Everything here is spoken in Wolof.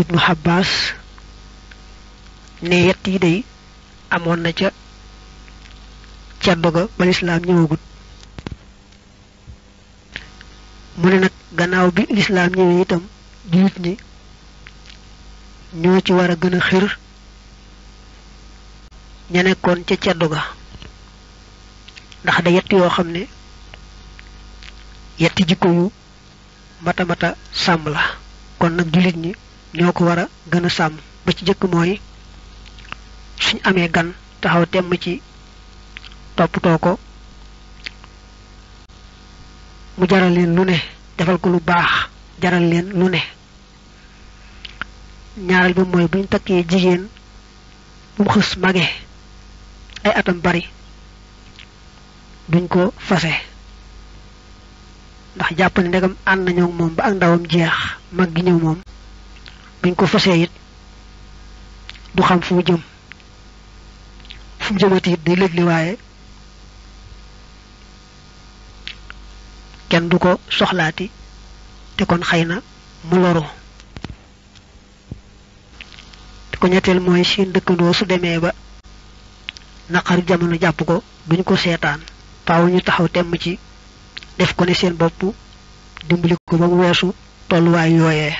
ibnu Abbas ne yett yi day amoon na ca ceddo ga ba lislaam ñëwagut mu ne nag gannaaw bi lislaam ñëwee itam jullit ñi ñoo ci war a gën a xir ña nekkoon ca ceddo ga ndax da yett yoo xam ne yetti jikko yu mata mata sàmm la kon nag jullit ñi ñoo ko war a gën a sàmm ba ci jëkk mooy suñ amee gan taxaw temm ci toppatoo ko mu jaral leen lu ne defal ko lu baax jaral leen lu ne ñaaral bi mooy buñ takkee jigéen bu mu xës mage ay atam bari duñ ko fase ndax jàpp ne ndegam ànd nañoo moom ba ak ndawam jeex mag gi ñëw moom buñ ko fasee it du xam fu mu jëm fu mu jëmati it kenn du ko soxlaati te kon xëy na mu loru ko ñetteel mooy seen dëkkandoo su demee ba naqar jamono jàpp ko duñ ko seetaan faaw ñu taxaw temm ci def ko ne seen bopp dimbali ko ba mu weesu tolluwaay yooyee